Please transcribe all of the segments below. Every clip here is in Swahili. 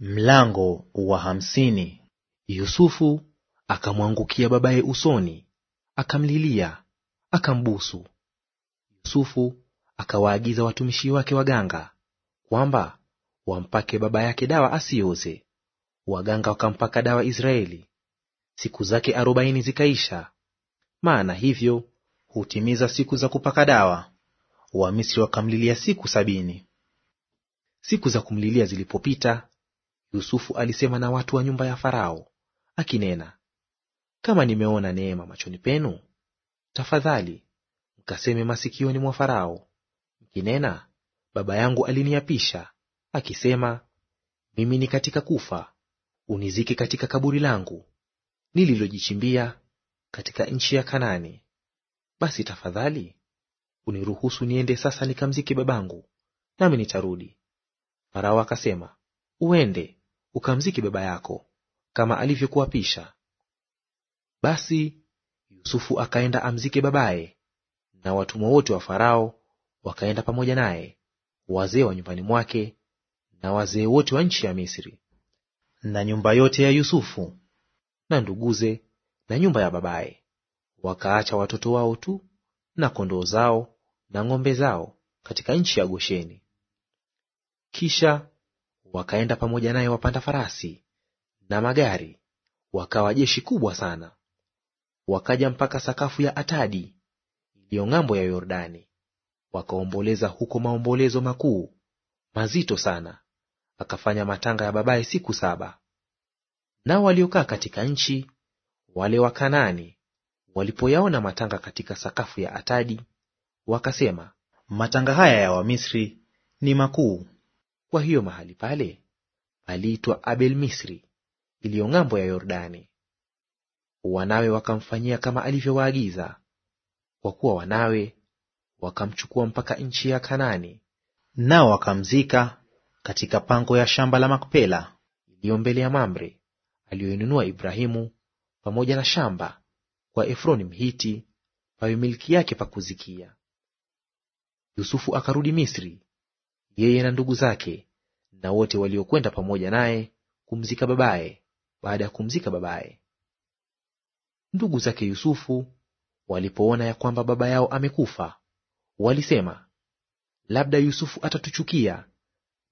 Mlango wa hamsini. Yusufu akamwangukia babaye usoni, akamlilia, akambusu. Yusufu akawaagiza watumishi wake waganga kwamba wampake baba yake dawa asioze. Waganga wakampaka dawa Israeli. Siku zake arobaini zikaisha, maana hivyo hutimiza siku za kupaka dawa. Wamisri wakamlilia siku sabini. Siku za kumlilia zilipopita Yusufu alisema na watu wa nyumba ya Farao akinena, kama nimeona neema machoni penu, tafadhali mkaseme masikioni mwa Farao mkinena, baba yangu aliniapisha akisema, mimi ni katika kufa, unizike katika kaburi langu nililojichimbia katika nchi ya kanani Basi tafadhali uniruhusu niende sasa nikamzike babangu, nami nitarudi. Farao akasema, uende, ukamzike baba yako kama alivyokuapisha. Basi Yusufu akaenda amzike babaye, na watumwa wote wa Farao wakaenda pamoja naye, wazee wa nyumbani mwake na wazee wote wa nchi ya Misri, na nyumba yote ya Yusufu na nduguze na nyumba ya babaye. Wakaacha watoto wao tu na kondoo zao na ng'ombe zao katika nchi ya Gosheni. Kisha wakaenda pamoja naye wapanda farasi na magari, wakawa jeshi kubwa sana. Wakaja mpaka sakafu ya Atadi iliyo ng'ambo ya Yordani, wakaomboleza huko maombolezo makuu mazito sana, akafanya matanga ya babaye siku saba. Nao waliokaa katika nchi wale wa Kanaani walipoyaona matanga katika sakafu ya Atadi, wakasema, matanga haya ya Wamisri ni makuu. Kwa hiyo mahali pale paliitwa Abel Misri, iliyo ng'ambo ya Yordani. Wanawe wakamfanyia kama alivyowaagiza, kwa kuwa wanawe wakamchukua mpaka nchi ya kanani nao wakamzika katika pango ya shamba la Makpela iliyo mbele ya Mamre, aliyoinunua Ibrahimu pamoja na shamba kwa Efroni Mhiti, pawe milki yake pa kuzikia. Yusufu akarudi Misri, yeye na ndugu zake na wote waliokwenda pamoja naye kumzika babaye baada ya kumzika babaye. Ndugu zake Yusufu walipoona ya kwamba baba yao amekufa, walisema, labda Yusufu atatuchukia,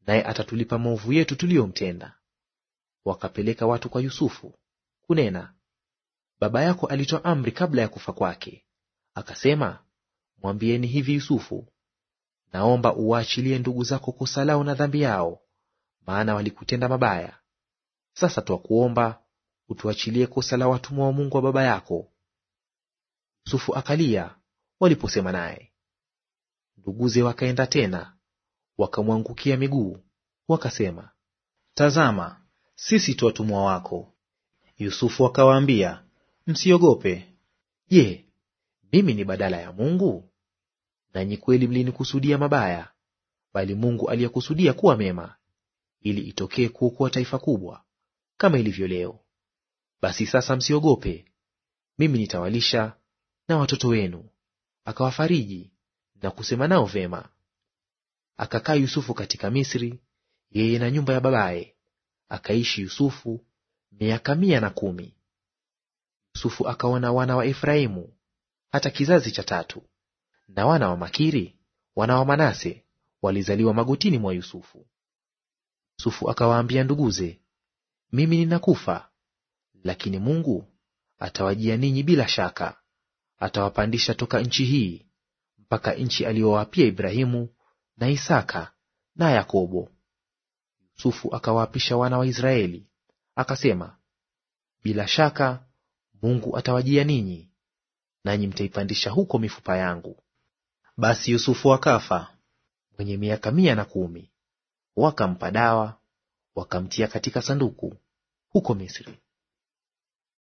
naye atatulipa maovu yetu tuliyomtenda. Wakapeleka watu kwa Yusufu kunena, baba yako alitoa amri kabla ya kufa kwake, akasema, mwambieni hivi Yusufu, naomba uwaachilie ndugu zako kosa lao na dhambi yao, maana walikutenda mabaya. Sasa twakuomba utuachilie kosa la watumwa wa Mungu wa baba yako. Yusufu akalia waliposema naye. Nduguze wakaenda tena wakamwangukia miguu, wakasema, Tazama, sisi tu watumwa wako. Yusufu akawaambia, msiogope. Je, mimi ni badala ya Mungu? nanyi kweli mlinikusudia mabaya, bali Mungu aliyekusudia kuwa mema, ili itokee kuokoa taifa kubwa kama ilivyo leo. Basi sasa msiogope, mimi nitawalisha na watoto wenu. Akawafariji na kusema nao vema. Akakaa Yusufu katika Misri, yeye na nyumba ya babaye, akaishi Yusufu miaka mia na kumi. Yusufu akaona wana wa Efraimu hata kizazi cha tatu. Na wana wa Makiri, wana wa Manase, walizaliwa magotini mwa Yusufu. Yusufu akawaambia nduguze, mimi ninakufa, lakini Mungu atawajia ninyi bila shaka, atawapandisha toka nchi hii mpaka nchi aliyowaapia Ibrahimu na Isaka na Yakobo. Yusufu akawaapisha wana wa Israeli akasema, bila shaka Mungu atawajia ninyi, nanyi mtaipandisha huko mifupa yangu. Basi Yusufu akafa mwenye miaka mia na kumi. Wakampa dawa, wakamtia katika sanduku huko Misri.